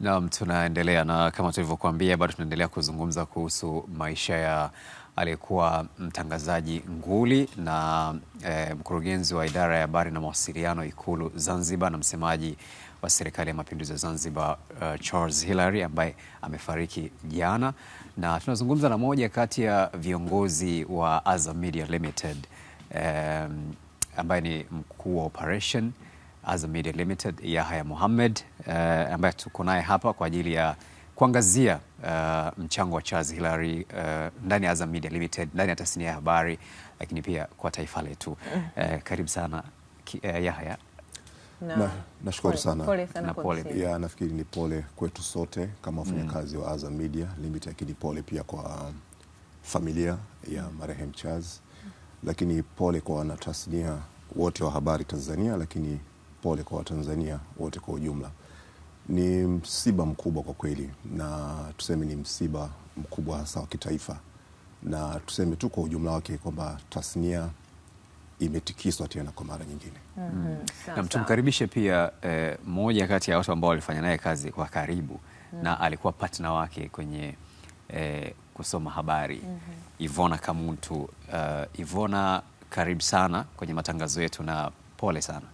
Naam, tunaendelea na kama tulivyokuambia, bado tunaendelea kuzungumza kuhusu maisha ya aliyekuwa mtangazaji nguli na e, mkurugenzi wa idara ya habari na mawasiliano Ikulu Zanzibar na msemaji wa serikali ya mapinduzi ya Zanzibar uh, Charles Hilary ambaye amefariki jana, na tunazungumza na moja kati ya viongozi wa Azam Media Limited um, ambaye ni mkuu wa operation Azam Media Limited, Yahya Mohamed uh, eh, ambaye tuko naye hapa kwa ajili ya kuangazia uh, mchango wa Charles Hilary uh, eh, ndani ya Azam Media Limited, ndani ya tasnia ya habari, lakini pia kwa taifa letu. Uh, karibu sana uh, Yahya. Na, nashukuru sana. Pole sana na pole. Ya, nafikiri ni pole kwetu sote kama mm. wafanyakazi mm. wa Azam Media Limited, lakini pole pia kwa um, familia ya marehemu Charles, mm. lakini pole kwa wanatasnia wote wa habari Tanzania, lakini pole kwa Watanzania wote kwa ujumla. Ni msiba mkubwa kwa kweli, na tuseme ni msiba mkubwa hasa wa kitaifa, na tuseme tu kwa ujumla wake kwamba tasnia imetikiswa tena kwa mara nyingine. Mm. Mm-hmm. Na tumkaribishe pia eh, mmoja kati ya watu ambao walifanya naye kazi kwa karibu mm. na alikuwa partner wake kwenye eh, kusoma habari mm -hmm. Ivona Kamuntu. Uh, Ivona, karibu sana kwenye matangazo yetu na pole sana.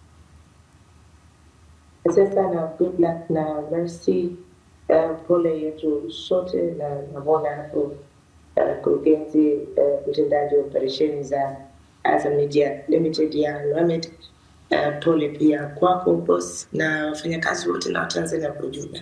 Asante sana, good luck na merci Uh, eh, pole yetu sote na namuona hapo eh, mkurugenzi uh, uh, mtendaji wa operesheni za Azam Media Limited ya Mohamed. Uh, pole pia kwako boss na wafanyakazi wote na Watanzania kwa ujumla.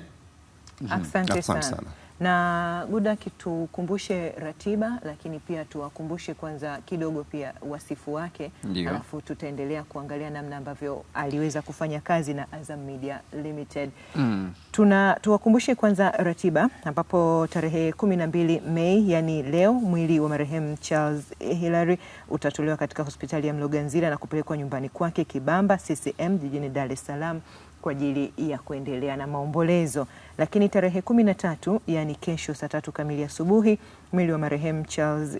Mhm. Asante sana na Gudaki, tukumbushe ratiba, lakini pia tuwakumbushe kwanza kidogo pia wasifu wake, alafu tutaendelea kuangalia namna ambavyo aliweza kufanya kazi na Azam Media Limited. Mm. Tuna tuwakumbushe kwanza ratiba ambapo tarehe kumi na mbili Mei, yani leo, mwili wa marehemu Charles Hilary utatolewa katika hospitali ya Mloganzila na kupelekwa nyumbani kwake Kibamba CCM jijini Dar es Salaam kwa ajili ya kuendelea na maombolezo. Lakini tarehe kumi na tatu yani kesho saa tatu kamili asubuhi mwili wa marehemu Charles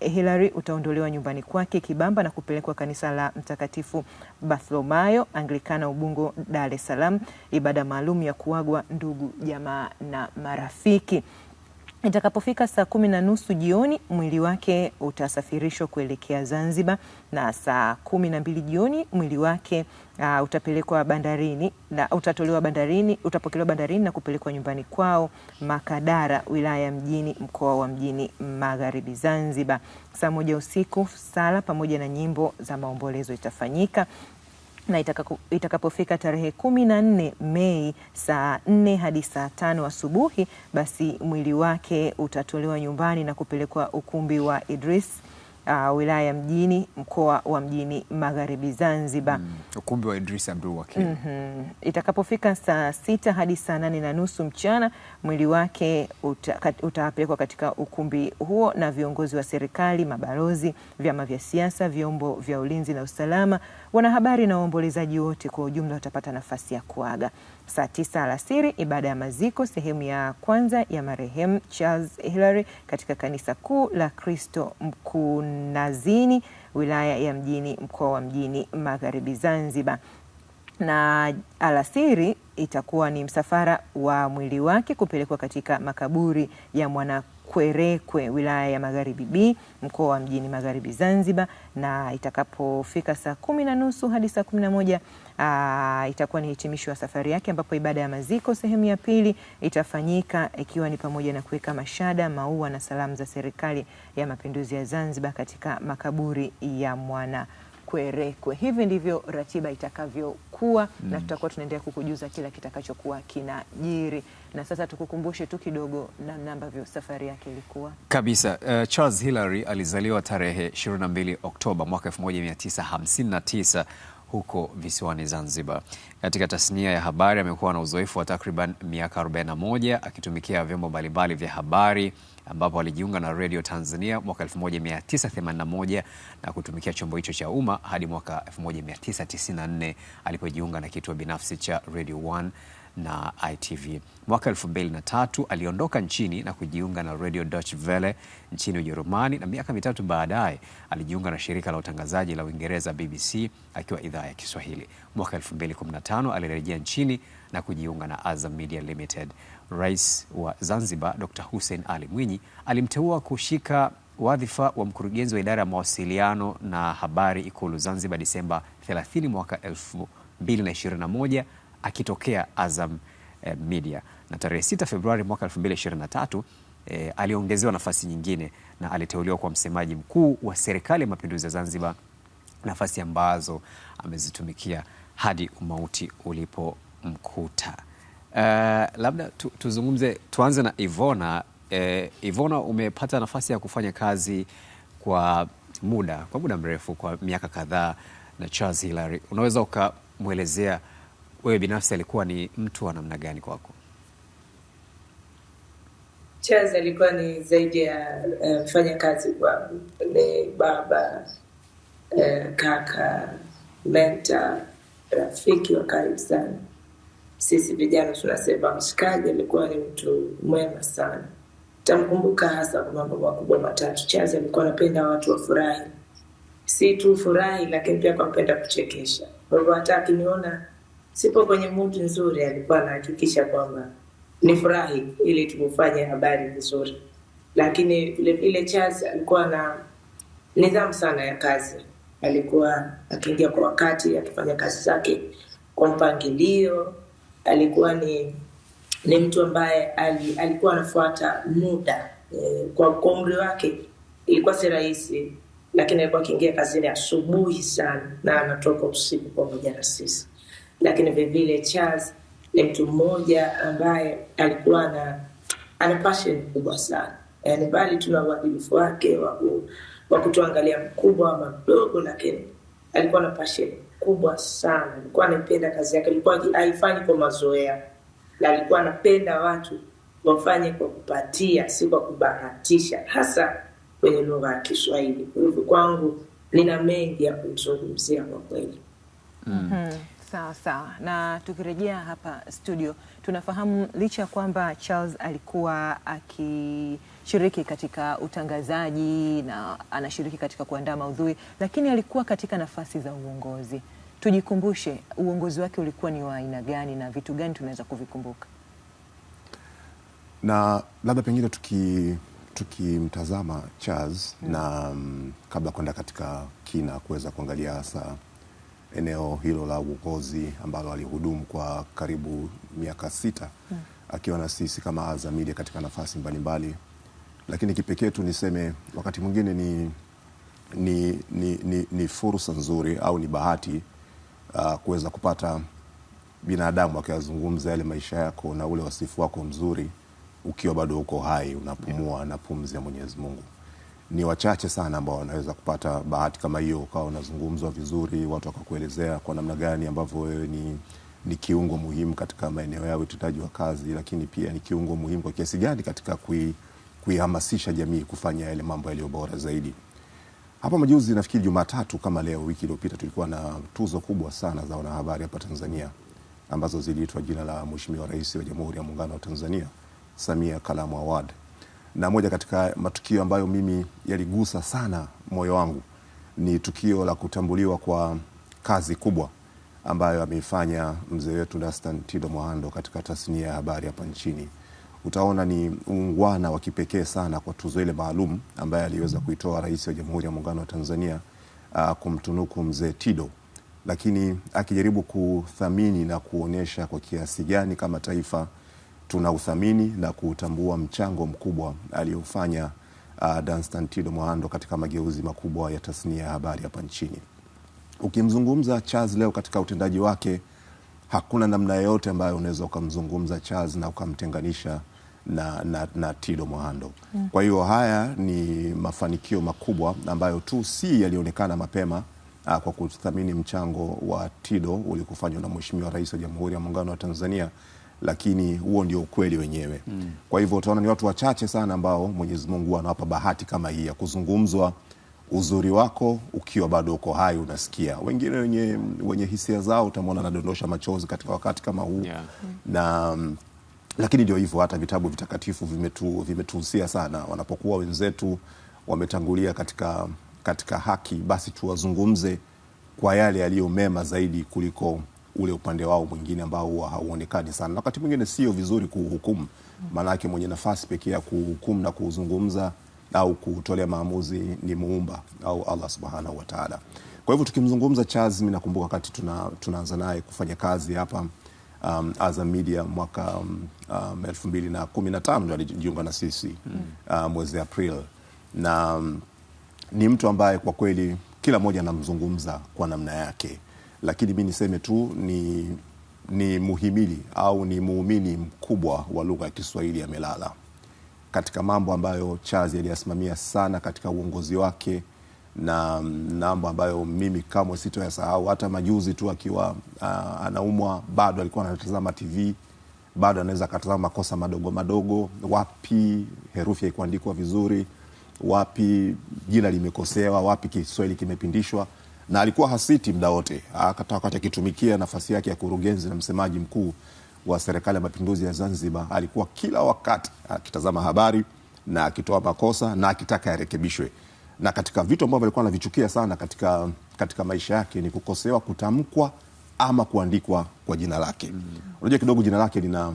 Hilary utaondolewa nyumbani kwake Kibamba na kupelekwa kanisa la Mtakatifu Bartholomayo Anglikana Ubungo, Dar es Salaam, ibada maalum ya kuagwa ndugu, jamaa na marafiki. Itakapofika saa kumi na nusu jioni mwili wake utasafirishwa kuelekea Zanzibar, na saa kumi na mbili jioni mwili wake uh, utapelekwa bandarini na utatolewa bandarini, utapokelewa bandarini na kupelekwa nyumbani kwao Makadara, wilaya ya Mjini, mkoa wa Mjini Magharibi, Zanzibar. Saa moja usiku sala pamoja na nyimbo za maombolezo itafanyika na itakapofika tarehe kumi na nne Mei saa nne hadi saa tano asubuhi basi mwili wake utatolewa nyumbani na kupelekwa ukumbi wa Idris uh, wilaya mjini mkoa wa mjini magharibi Zanzibar, mm, ukumbi wa Idris Abdul Wakil. mm -hmm. Itakapofika saa sita hadi saa nane na nusu mchana mwili wake utapelekwa katika ukumbi huo na viongozi wa serikali, mabalozi, vyama vya siasa, vyombo vya ulinzi na usalama, wanahabari na waombolezaji wote kwa ujumla watapata nafasi ya kuaga saa tisa alasiri ibada ya maziko sehemu ya kwanza ya marehemu Charles Hilary katika kanisa kuu la Kristo Mkunazini wilaya ya Mjini mkoa wa Mjini Magharibi Zanzibar na alasiri itakuwa ni msafara wa mwili wake kupelekwa katika makaburi ya Mwanakwerekwe wilaya ya Magharibi B mkoa wa Mjini Magharibi Zanzibar, na itakapofika saa kumi na nusu hadi saa kumi na moja Uh, itakuwa ni hitimisho ya safari yake ambapo ibada ya maziko sehemu ya pili itafanyika ikiwa ni pamoja na kuweka mashada, maua na salamu za Serikali ya Mapinduzi ya Zanzibar katika makaburi ya mwana Kwerekwe. Hivi ndivyo ratiba itakavyokuwa mm. na tutakuwa tunaendelea kukujuza kila kitakachokuwa kinajiri, na sasa tukukumbushe tu kidogo namna ambavyo safari yake ilikuwa kabisa. Uh, Charles Hilary alizaliwa tarehe 22 Oktoba mwaka 1959 huko visiwani Zanzibar. Katika tasnia ya habari amekuwa na uzoefu wa takriban miaka 41 akitumikia vyombo mbalimbali vya habari ambapo alijiunga na Radio Tanzania mwaka 1981 na kutumikia chombo hicho cha umma hadi mwaka 1994 alipojiunga na kituo binafsi cha Radio 1 na ITV. Mwaka 2003 aliondoka nchini na kujiunga na Radio Deutsche Welle nchini Ujerumani na miaka mitatu baadaye alijiunga na shirika la utangazaji la Uingereza BBC akiwa idhaa ya Kiswahili. Mwaka 2015 alirejea nchini na kujiunga na Azam Media Limited. Rais wa Zanzibar Dr. Hussein Ali Mwinyi alimteua kushika wadhifa wa mkurugenzi wa idara ya mawasiliano na habari Ikulu Zanzibar Disemba 30 mwaka 2021 akitokea Azam eh, Media na tarehe 6 Februari mwaka 2023 E, eh, aliongezewa nafasi nyingine na aliteuliwa kwa msemaji mkuu wa Serikali ya Mapinduzi ya Zanzibar, nafasi ambazo amezitumikia hadi umauti ulipomkuta. Eh, labda tu, tuzungumze tuanze na Ivona. Eh, Ivona umepata nafasi ya kufanya kazi kwa muda kwa muda mrefu kwa miaka kadhaa na Charles Hilary, unaweza ukamwelezea wewe binafsi alikuwa ni mtu wa namna gani kwako? Charles alikuwa ni zaidi ya eh, mfanyakazi uh, kwangu, ni baba uh, kaka, mentor, rafiki wa karibu sana sisi vijana tunasema mshikaji alikuwa ni mtu mwema sana. Tamkumbuka hasa kwa mambo makubwa matatu. Chazi alikuwa anapenda watu wafurahi, si tu furahi, lakini pia kwampenda kuchekesha. Kwa hivyo hata akiniona sipo kwenye mutu nzuri, alikuwa anahakikisha kwamba ni furahi ili tumfanye habari vizuri. Lakini vilevile Charles alikuwa na nidhamu sana ya kazi. Alikuwa akiingia kwa wakati, akifanya kazi zake kwa mpangilio alikuwa ni ni mtu ambaye ali, alikuwa anafuata muda e, kwa, umri wake ilikuwa si rahisi lakini alikuwa akiingia kazini asubuhi sana na anatoka usiku pamoja na sisi lakini vilevile charles ni mtu mmoja ambaye alikuwa na ana pashen kubwa sana yani eh, mbali tuna uadilifu wake wa kutuangalia mkubwa ama mdogo lakini alikuwa na pashen kubwa sana. Alikuwa anaipenda kazi yake, alikuwa haifanyi kwa mazoea, na alikuwa anapenda watu wafanye kwa kupatia, si kwa kubahatisha, hasa kwenye lugha ya Kiswahili. Kwa hivyo kwangu nina mengi ya kumzungumzia kwa kweli. mm. hmm. Sawa sawa. Na tukirejea hapa studio, tunafahamu licha ya kwamba Charles alikuwa aki anashiriki katika utangazaji na anashiriki katika kuandaa maudhui, lakini alikuwa katika nafasi za uongozi. Tujikumbushe uongozi wake ulikuwa ni wa aina gani na vitu gani tunaweza kuvikumbuka? Na labda pengine tuki tukimtazama Charles hmm. mm. na um, kabla kwenda katika kina kuweza kuangalia hasa eneo hilo la uongozi ambalo alihudumu kwa karibu miaka sita hmm, akiwa na sisi kama Azam Media katika nafasi mbalimbali mbali lakini kipekee tu niseme wakati mwingine ni, ni, ni, ni, ni fursa nzuri au ni bahati uh, kuweza kupata binadamu akiyazungumza yale maisha yako na ule wasifu wako mzuri ukiwa bado uko hai unapumua yeah. na pumzi ya Mwenyezi Mungu. Ni wachache sana ambao wanaweza kupata bahati kama hiyo, ukawa unazungumzwa vizuri, watu wakakuelezea kwa namna gani ambavyo wewe ni, ni kiungo muhimu katika maeneo yao utendaji wa kazi, lakini pia ni kiungo muhimu kwa kiasi gani katika kui kuihamasisha jamii kufanya yale mambo yaliyo bora zaidi. Hapa majuzi, nafikiri Jumatatu kama leo, wiki iliyopita, tulikuwa na tuzo kubwa sana za wanahabari hapa Tanzania ambazo ziliitwa jina la Mheshimiwa Rais wa Jamhuri ya Muungano wa Tanzania, Samia Kalamu Award, na moja katika matukio ambayo mimi yaligusa sana moyo wangu ni tukio la kutambuliwa kwa kazi kubwa ambayo ameifanya mzee wetu Dastan Tido Mwahando katika tasnia ya habari hapa nchini utaona ni uungwana wa kipekee sana kwa tuzo ile maalum ambaye aliweza kuitoa Rais wa Jamhuri ya Muungano wa Tanzania uh, kumtunuku mzee Tido, lakini akijaribu kuthamini na kuonyesha kwa kiasi gani kama taifa tuna uthamini na kutambua mchango mkubwa aliyofanya uh, ah, Danstan Tido Mwahando katika mageuzi makubwa ya tasnia ya habari hapa nchini. Ukimzungumza Charles leo katika utendaji wake hakuna namna yoyote ambayo unaweza ukamzungumza Charles na ukamtenganisha na, na, na Tido Mwahando. Hmm. Kwa hiyo haya ni mafanikio makubwa ambayo tu si yalionekana mapema ah, kwa kuthamini mchango wa Tido uliokufanywa na Mheshimiwa Rais wa Jamhuri ya Muungano wa Tanzania, lakini huo ndio ukweli wenyewe mm. Kwa hivyo utaona ni watu wachache sana ambao Mwenyezi Mungu anawapa bahati kama hii ya kuzungumzwa uzuri wako ukiwa bado uko hai, unasikia wengine wenye, wenye hisia zao utamwona anadondosha machozi katika wakati kama huu yeah. na mm, lakini ndio hivyo, hata vitabu vitakatifu vimetu vimetuhusia sana. Wanapokuwa wenzetu wametangulia katika, katika haki, basi tuwazungumze kwa yale yaliyo mema zaidi kuliko ule upande wao mwingine ambao huwa hauonekani sana, na wakati mwingine sio vizuri kuuhukumu, maanake mwenye nafasi pekee ya kuhukumu na kuzungumza au kutolea maamuzi ni Muumba au Allah subhanahu wataala. Kwa hivyo tukimzungumza Charles, mimi nakumbuka wakati tunaanza tuna naye kufanya kazi hapa um, Azam Media mwaka um, um, elfu mbili na kumi na tano ndio alijiunga na sisi mm. Uh, mwezi April na um, ni mtu ambaye kwa kweli kila mmoja anamzungumza kwa namna yake, lakini mi niseme tu ni, ni muhimili au ni muumini mkubwa wa lugha ya Kiswahili amelala katika mambo ambayo Chazi aliyasimamia sana katika uongozi wake na mambo ambayo mimi kamwe sitoyasahau. Hata majuzi tu akiwa uh, anaumwa bado alikuwa anatazama TV, bado anaweza akatazama makosa madogo madogo, wapi herufi haikuandikwa vizuri, wapi jina limekosewa, wapi Kiswahili kimepindishwa, na alikuwa hasiti muda wote, hata wakati akitumikia nafasi yake ya kurugenzi na msemaji mkuu wa Serikali ya Mapinduzi ya Zanzibar, alikuwa kila wakati akitazama habari na akitoa makosa na akitaka yarekebishwe na katika vitu ambavyo alikuwa anavichukia sana katika, katika maisha yake ni kukosewa kutamkwa ama kuandikwa kwa jina lake. Mm. Unajua kidogo jina lake lina,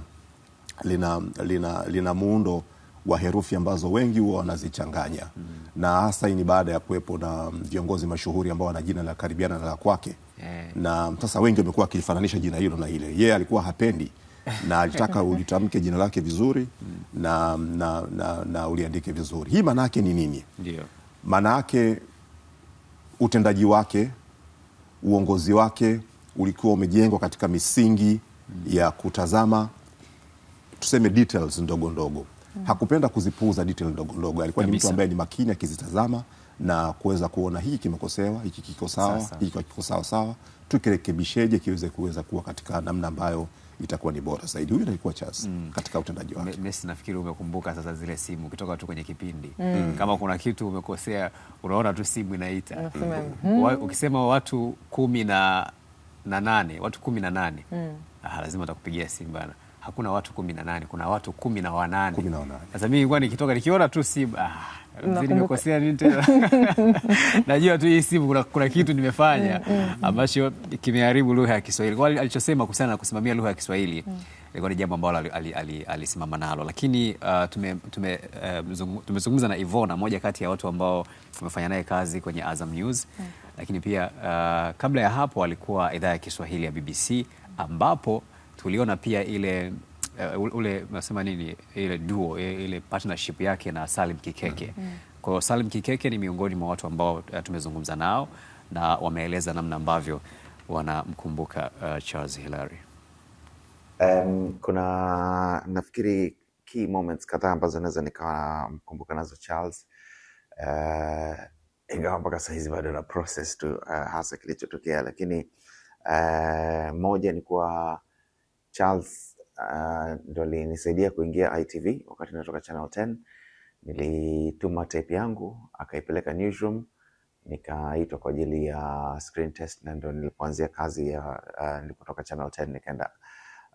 lina, lina, lina muundo wa herufi ambazo wengi huwa wanazichanganya mm. na hasa hii ni baada ya kuwepo na viongozi mashuhuri ambao wana jina la karibiana na la kwake yeah. na sasa wengi wamekuwa wakilifananisha jina hilo na ile yeye yeah, alikuwa hapendi na alitaka ulitamke jina lake vizuri mm. na, na, na, na uliandike vizuri. Hii maana yake ni nini? Ndio maana yake utendaji wake, uongozi wake ulikuwa umejengwa katika misingi ya kutazama tuseme details ndogo ndogo. Hmm. Hakupenda kuzipuuza detail ndogo ndogo, alikuwa ni mtu ambaye ni makini akizitazama na kuweza kuona hiki kimekosewa, hiki kiko sawa, hiki kiko sawa sawa, tukirekebisheje kiweze kuweza kuwa katika namna ambayo itakuwa ni bora zaidi. Huyu alikuwa Charles mm. katika utendaji wake. Messi nafikiri umekumbuka sasa zile simu ukitoka tu kwenye kipindi mm. mm. kama kuna kitu umekosea, unaona tu simu inaita mm. Mm. mm. ukisema watu kumi na, na nane watu kumi na nane mm. ah, lazima atakupigia simu bana hakuna watu kumi na nane, kuna watu kumi na wanane. Sasa mimi nilikuwa nikitoka nikiona tu Simba ah, nimekosea nini tena? Najua tu hii simu kuna, kuna kitu nimefanya mm, mm, mm. ambacho kimeharibu lugha ya Kiswahili. Kwa alichosema kuhusiana na kusimamia lugha ya Kiswahili ilikuwa ni jambo ambalo alisimama nalo, lakini uh, eh, tumezungumza na Ivona, moja kati ya watu ambao tumefanya naye kazi kwenye Azam News, lakini pia uh, kabla ya hapo alikuwa idhaa ya Kiswahili ya BBC ambapo tuliona pia ile uh, ule nasema nini ile duo ile partnership yake na Salim Kikeke. Mm. mm. Kwa hiyo Salim Kikeke ni miongoni mwa watu ambao uh, tumezungumza nao na wameeleza namna ambavyo wanamkumbuka uh, Charles Hilary. Um, kuna nafikiri key moments kadhaa ambazo naweza nikawa mkumbuka nazo Charles uh, ingawa mpaka sahizi bado na process tu uh, hasa kilichotokea, lakini uh, moja ni kuwa Charles uh, ah, ndo alinisaidia kuingia ITV wakati natoka Channel 10. Nilituma tape yangu akaipeleka newsroom, nikaitwa kwa ajili ya screen test, na ndo nilipoanzia kazi ya uh, nilipotoka Channel 10 nikaenda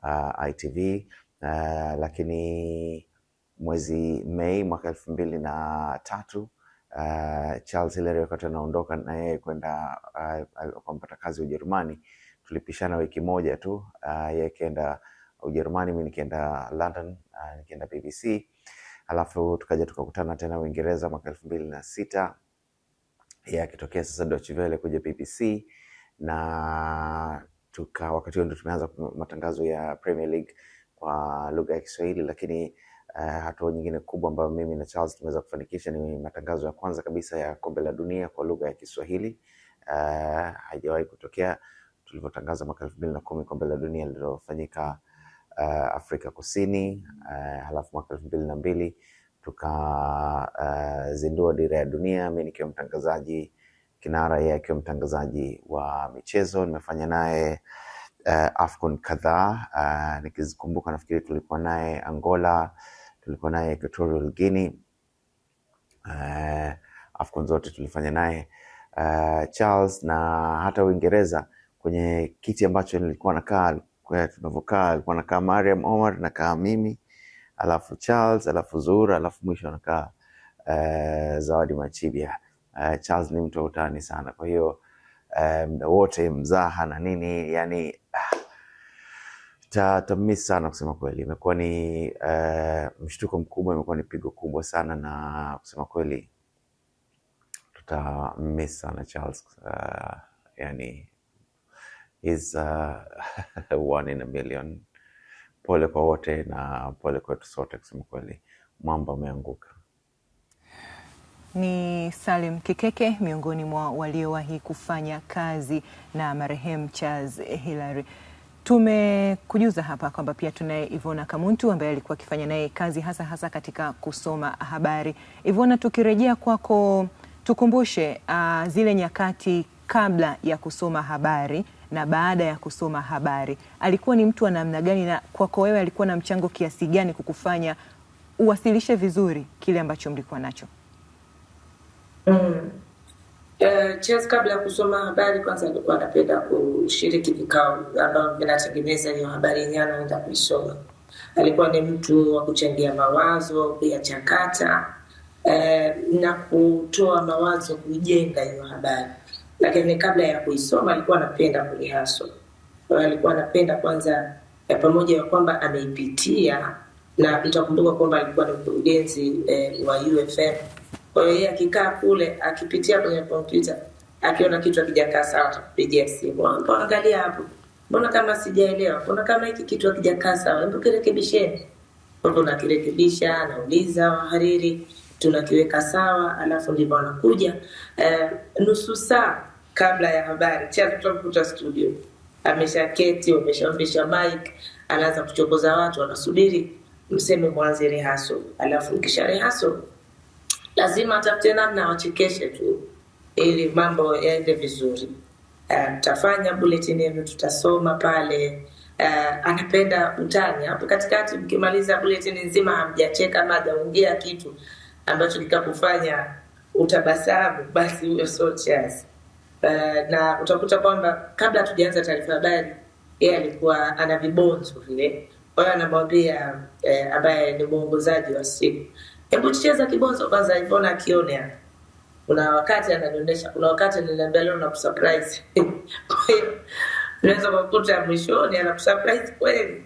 uh, ah, ITV uh, lakini mwezi Mei mwaka elfu mbili na tatu uh, Charles Hillary wakati anaondoka na yeye kwenda uh, kwa amepata kazi Ujerumani tulipishana wiki moja tu uh, yeye kaenda Ujerumani, mi nikienda London uh, nikienda BBC, alafu tukaja tukakutana tena Uingereza mwaka elfu mbili na sita yeye akitokea sasa Deutsche kuja BBC na tuka, wakati huo ndio tumeanza matangazo ya Premier League kwa lugha ya Kiswahili, lakini uh, hatua nyingine kubwa ambayo mimi na Charles tumeweza kufanikisha ni matangazo ya kwanza kabisa ya kombe la dunia kwa lugha ya Kiswahili. Uh, haijawahi kutokea tulivyotangaza mwaka elfu mbili na kumi kombe la dunia lililofanyika uh, Afrika Kusini uh, halafu mwaka elfu mbili na mbili tukazindua eh, uh, dira ya dunia, mi nikiwa mtangazaji kinara, yeye akiwa mtangazaji wa michezo. Nimefanya naye uh, AFCON kadhaa uh, nikizikumbuka, nafikiri tulikuwa naye Angola, tulikuwa naye Equatorial Guinea uh, AFCON zote tulifanya naye uh, Charles na hata Uingereza kwenye kiti ambacho nilikuwa nakaa, tunavyokaa alikuwa nakaa Mariam Omar, nakaa mimi, alafu Charles, alafu Zuhura, alafu mwisho anakaa uh, eh, Zawadi Machibia. Uh, Charles ni mtu wa utani sana, kwa hiyo eh, muda um, wote mzaha na nini yani tamis sana kusema kweli, imekuwa ni uh, mshtuko mkubwa, imekuwa ni pigo kubwa sana, na kusema kweli tutamisi sana Charles uh, yani is uh, one in a million. Pole kwa wote na pole kwetu sote, kusema kweli mwamba umeanguka. Ni Salim Kikeke miongoni mwa waliowahi kufanya kazi na marehemu Charles Hilary. Tumekujuza hapa kwamba pia tunaye Ivona Kamuntu ambaye alikuwa akifanya naye kazi hasa hasa katika kusoma habari. Ivona, tukirejea kwako, tukumbushe uh, zile nyakati kabla ya kusoma habari na baada ya kusoma habari. Alikuwa ni mtu wa namna gani, na kwako wewe alikuwa na mchango kiasi gani kukufanya uwasilishe vizuri kile ambacho mlikuwa nacho? Mm. Uh, kabla ya kusoma habari kwanza alikuwa anapenda kushiriki vikao ambavyo vinatengeneza hiyo habari yenyewe anaenda kuisoma. Alikuwa ni mtu wa kuchangia mawazo, kuyachakata uh, eh, na kutoa mawazo kuijenga hiyo habari lakini kabla ya kuisoma alikuwa anapenda kulihaso Kwa alikuwa anapenda kwanza, ya eh, pamoja ya kwamba ameipitia, na itakumbuka kwamba alikuwa ni mkurugenzi eh, wa UFM. Kwa hiyo yeye akikaa kule akipitia kwenye kompyuta akiona kitu akijakaa sawa, atakupigia simu, angalia hapo, mbona kama sijaelewa, mbona kama hiki kitu akijakaa sawa, hebu kirekebisheni. Kwamba Unakirekebisha, anauliza wahariri, tunakiweka sawa, alafu ndivyo anakuja eh, nusu saa kabla ya habari tayari studio ameshaketi, wameshaombesha mic, anaanza kuchokoza watu, anasubiri mseme mwanze rehaso, alafu kisha rehaso lazima atafute namna awachekeshe tu ili mambo yaende vizuri. Uh, bulletin yenu, tutasoma pale. Uh, anapenda utani hapo katikati. Mkimaliza bulletin nzima hamjacheka mada, ongea kitu ambacho kikakufanya utabasamu, basi huyo so chance uh, na utakuta kwamba kabla hatujaanza taarifa habari yeye alikuwa ana vibonzo vile kwa anamwambia eh, ambaye ni mwongozaji wa simu hebu cheza kibonzo kwanza mbona akione hapa kuna wakati ananionyesha kuna wakati niliambia leo nakusurprise kwa hiyo unaweza kukuta mwishoni anakusurprise kweli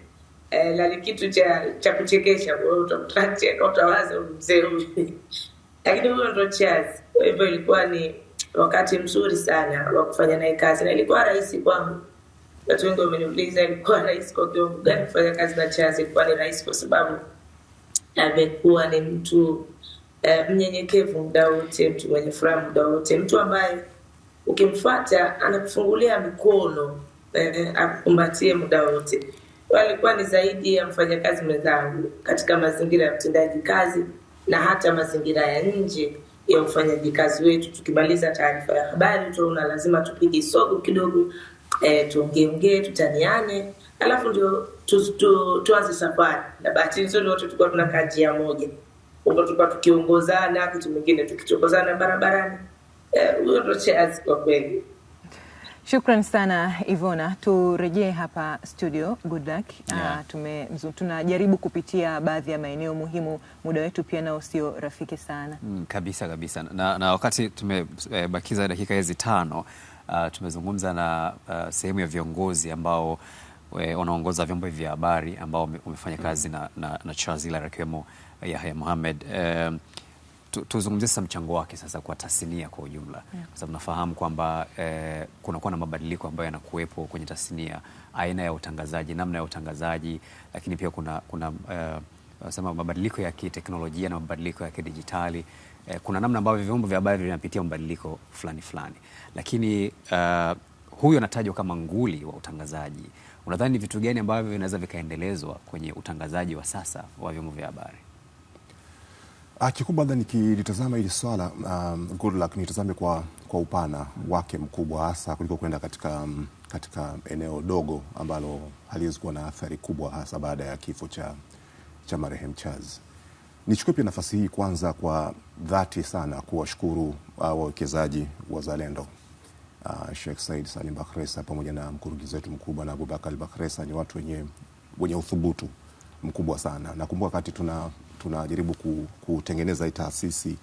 eh, na ni kitu cha cha kuchekesha utakuta cheka utawaza mzee huyu lakini huyo ndo chazi kwa hivyo ilikuwa ni wakati mzuri sana wa kufanya naye kazi, na ilikuwa rahisi kwangu. Watu wengi wameniuliza ilikuwa rahisi kwa kiwango gani kufanya kazi na Chazi. Ilikuwa ni rahisi kwa sababu amekuwa ni mtu uh, mnyenyekevu muda wote, mtu mwenye furaha muda wote, mtu ambaye ukimfuata anakufungulia mikono uh, eh, akukumbatie muda wote. Alikuwa ni zaidi ya mfanyakazi mwenzangu katika mazingira ya utendaji kazi na hata mazingira ya nje ya kazi wetu. Tukimaliza taarifa ya habari, tutaona lazima tupige sogo kidogo, e, eh, tuongeongee, tutaniane, alafu ndio tuanze safari. Na bahati nzuri wote tulikuwa tunakaa ya moja, kwamba tulikuwa tukiongozana, kitu mingine tukichokozana barabarani. Eh, huyo e, ndo kwa kweli Shukran sana Ivona, turejee hapa studio. Good luck. Ah, yeah. Uh, tunajaribu kupitia baadhi ya maeneo muhimu, muda wetu pia nao sio rafiki sana. Mm, kabisa kabisa na, na wakati tumebakiza eh, dakika hizi tano uh, tumezungumza na uh, sehemu ya viongozi ambao eh, wanaongoza vyombo vya habari ambao wamefanya kazi na, na, na Charles Hilary akiwemo Yahya Mohamed um, tuzungumzie sasa mchango wake sasa kwa tasnia kwa ujumla, kwa sababu nafahamu kwamba eh, kunakuwa na mabadiliko ambayo yanakuwepo kwenye tasnia, aina ya utangazaji, namna ya utangazaji, lakini pia kuna, kuna eh, sema mabadiliko ya kiteknolojia na mabadiliko ya kidijitali eh, kuna namna ambavyo vyombo vya habari vinapitia mabadiliko fulani fulani, lakini eh, huyu anatajwa kama nguli wa utangazaji. Unadhani vitu gani ambavyo vinaweza vikaendelezwa kwenye utangazaji wa sasa wa vyombo vya habari? Ah, kikubwa labda kilitazama hili swala um, good Goodluck nitazame kwa, kwa upana wake mkubwa hasa kuliko kwenda katika, um, katika eneo dogo ambalo haliwezi kuwa na athari kubwa hasa baada ya kifo cha, cha marehemu Charles. Nichukue pia nafasi hii kwanza kwa dhati sana kuwashukuru uh, wawekezaji wazalendo uh, Sheikh Said Salim Bakhresa pamoja na mkurugenzi wetu mkubwa na Abubakar Bakhresa, ni watu wenye, wenye uthubutu mkubwa sana. Nakumbuka wakati tuna tunajaribu kutengeneza hii taasisi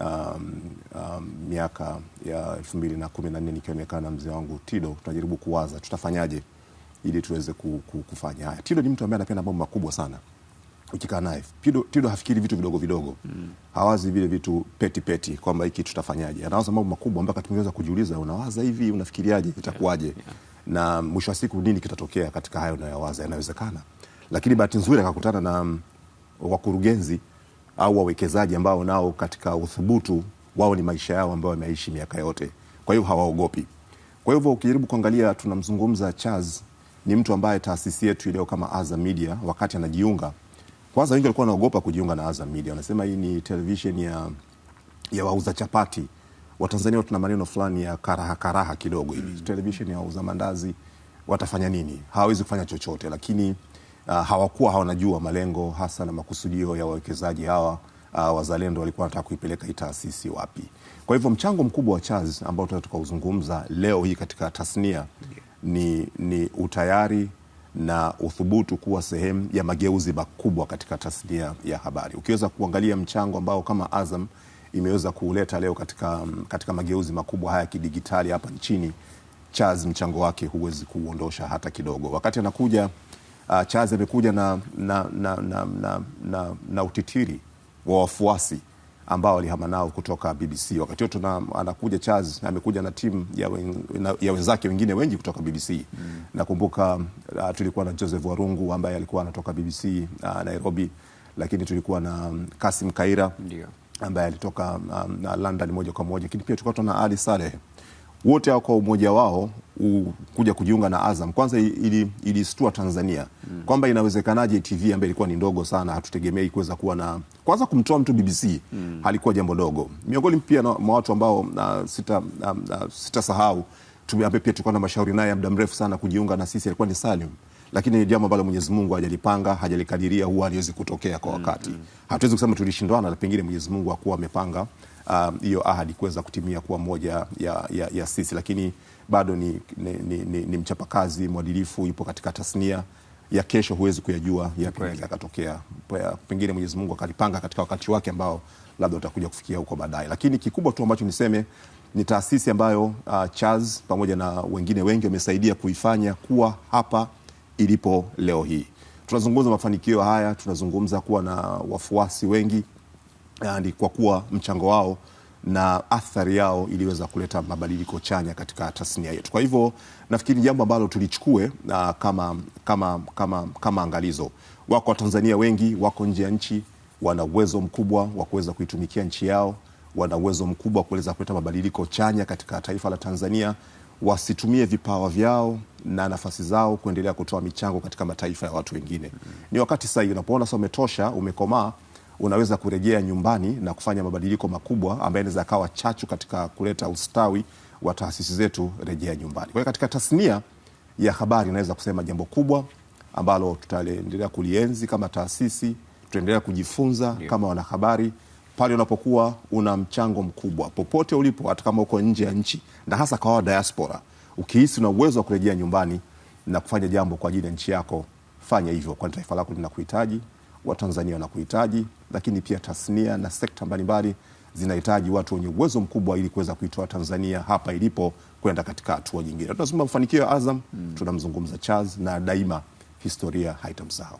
um, um, miaka ya elfu mbili na kumi na nne nikionekana na mzee wangu Tido, tunajaribu kuwaza tutafanyaje ili tuweze kufanya haya. Tido ni mtu ambaye anapenda mambo makubwa sana ukikaa naye Tido, Tido hafikiri vitu vidogo vidogo mm. Hawazi vile vitu peti peti kwamba hiki tutafanyaje, anawaza mambo makubwa mpaka tumeweza kujiuliza, unawaza hivi, unafikiriaje, itakuwaje? yeah. yeah. na mwisho wa siku nini kitatokea katika hayo unayowaza, yanawezekana. Lakini bahati nzuri akakutana na wakurugenzi au wawekezaji ambao nao katika uthubutu wao ni maisha yao ambayo wameishi miaka yote, kwa hiyo hawaogopi. Kwa hivyo ukijaribu kuangalia, tunamzungumza Charles ni mtu ambaye taasisi yetu ileo kama Azam Media, wakati anajiunga, kwanza wengi walikuwa wanaogopa kujiunga na Azam Media, wanasema hii ni television ya, ya wauza chapati. Watanzania tuna maneno fulani ya karaha karaha kidogo hivi, mm. television ya wauza mandazi, watafanya nini? Hawawezi kufanya chochote, lakini uh, hawakuwa hawanajua malengo hasa na makusudio ya wawekezaji hawa uh, wazalendo walikuwa wanataka kuipeleka hii taasisi wapi. Kwa hivyo mchango mkubwa wa Charles ambao tunataka leo hii katika tasnia ni, ni utayari na uthubutu kuwa sehemu ya mageuzi makubwa katika tasnia ya habari. Ukiweza kuangalia mchango ambao kama Azam imeweza kuuleta leo katika, katika mageuzi makubwa haya ya kidigitali hapa nchini, Charles mchango wake huwezi kuuondosha hata kidogo. Wakati anakuja uh, Charles amekuja na, na, na, na, na, na, na utitiri wa wafuasi ambao walihama nao kutoka BBC wakati huo tuna anakuja Charles amekuja na timu ya, wen, ya wenzake wengine wengi kutoka BBC mm. Nakumbuka uh, tulikuwa na Joseph Warungu ambaye alikuwa anatoka BBC uh, ah, Nairobi, lakini tulikuwa na mm, Kasim Kaira ambaye alitoka um, na London moja kwa moja, lakini pia tulikuwa tuna Ali Saleh wote hao kwa umoja wao u, kuja kujiunga na Azam kwanza ilistua ili Tanzania mm. kwamba inawezekanaje TV ambayo ilikuwa ni ndogo sana, hatutegemei kuweza kuwa na kwanza, kumtoa mtu BBC mm. halikuwa jambo dogo. Miongoni pia mwa watu ambao na, sita na, na, sita sahau tumeambia pia tulikuwa na mashauri naye muda mrefu sana kujiunga na sisi alikuwa ni Salim, lakini jambo ambalo Mwenyezi Mungu hajalipanga hajalikadiria, huwa haliwezi kutokea kwa hmm, wakati mm Hatuwezi kusema tulishindwana, pengine Mwenyezi Mungu akuwa amepanga Um, hiyo uh, ahadi kuweza kutimia kuwa moja ya, ya, ya sisi, lakini bado ni, ni, ni, ni, ni mchapakazi mwadilifu, yupo katika tasnia ya kesho, huwezi kuyajua yapi yakatokea. Pengine Mwenyezi Mungu akalipanga katika wakati wake ambao labda utakuja kufikia huko baadaye, lakini kikubwa tu ambacho niseme ni taasisi ambayo uh, Charles pamoja na wengine wengi wamesaidia kuifanya kuwa hapa ilipo leo hii. Tunazungumza mafanikio haya, tunazungumza kuwa na wafuasi wengi yani kwa kuwa mchango wao na athari yao iliweza kuleta mabadiliko chanya katika tasnia yetu. Kwa hivyo nafikiri jambo ambalo tulichukue uh, kama, kama, kama, kama angalizo. Wako Watanzania wengi wako nje ya nchi, wana uwezo mkubwa wa kuweza kuitumikia nchi yao, wana uwezo mkubwa wa kuweza kuleta mabadiliko chanya katika taifa la Tanzania. Wasitumie vipawa vyao na nafasi zao kuendelea kutoa michango katika mataifa ya watu wengine. Ni wakati sahihi unapoona sasa umetosha, umekomaa unaweza kurejea nyumbani na kufanya mabadiliko makubwa ambayo inaweza akawa chachu katika kuleta ustawi wa taasisi zetu rejea nyumbani. Kwa hiyo katika tasnia ya habari inaweza kusema jambo kubwa ambalo tutaendelea kulienzi kama taasisi, tutaendelea kujifunza yeah, kama wanahabari pale unapokuwa una mchango mkubwa popote ulipo, hata kama uko nje ya nchi na hasa kwa wa diaspora, ukihisi una uwezo wa kurejea nyumbani na kufanya jambo kwa ajili ya nchi yako, fanya hivyo, kwani taifa lako linakuhitaji. Watanzania wanakuhitaji, lakini pia tasnia na sekta mbalimbali zinahitaji watu wenye uwezo mkubwa ili kuweza kuitoa Tanzania hapa ilipo kwenda katika hatua nyingine. Tunazungumza mafanikio ya Azam, hmm. tunamzungumza Charles, na daima historia haitamsahau.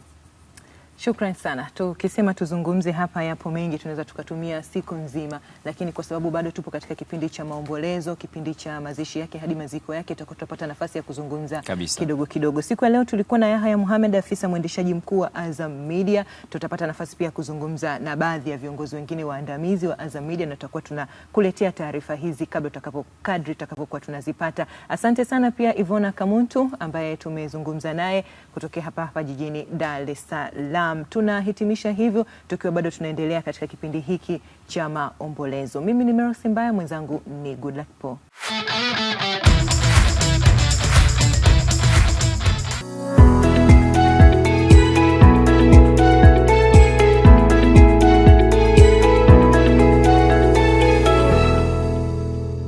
Shukran sana. Tukisema tuzungumze hapa, yapo mengi, tunaweza tukatumia siku nzima, lakini kwa sababu bado tupo katika kipindi cha maombolezo, kipindi cha mazishi yake hadi maziko yake, tutakuwa tutapata nafasi ya kuzungumza kabisa kidogo kidogo. Siku ya leo tulikuwa na Yahya Muhamed, afisa mwendeshaji mkuu wa Azam Media. Tutapata nafasi pia ya kuzungumza na baadhi ya viongozi wengine waandamizi wa Azam Media, na tutakuwa tunakuletea taarifa hizi kabla tutakapo kadri tutakapokuwa tunazipata. Asante sana pia Ivona Kamuntu ambaye tumezungumza naye kutokea hapa hapa jijini Dar es Salaam. Naam, tunahitimisha hivyo tukiwa bado tunaendelea katika kipindi hiki cha maombolezo. Mimi ni Mercy Mbaya, mwenzangu ni Goodluck Paul.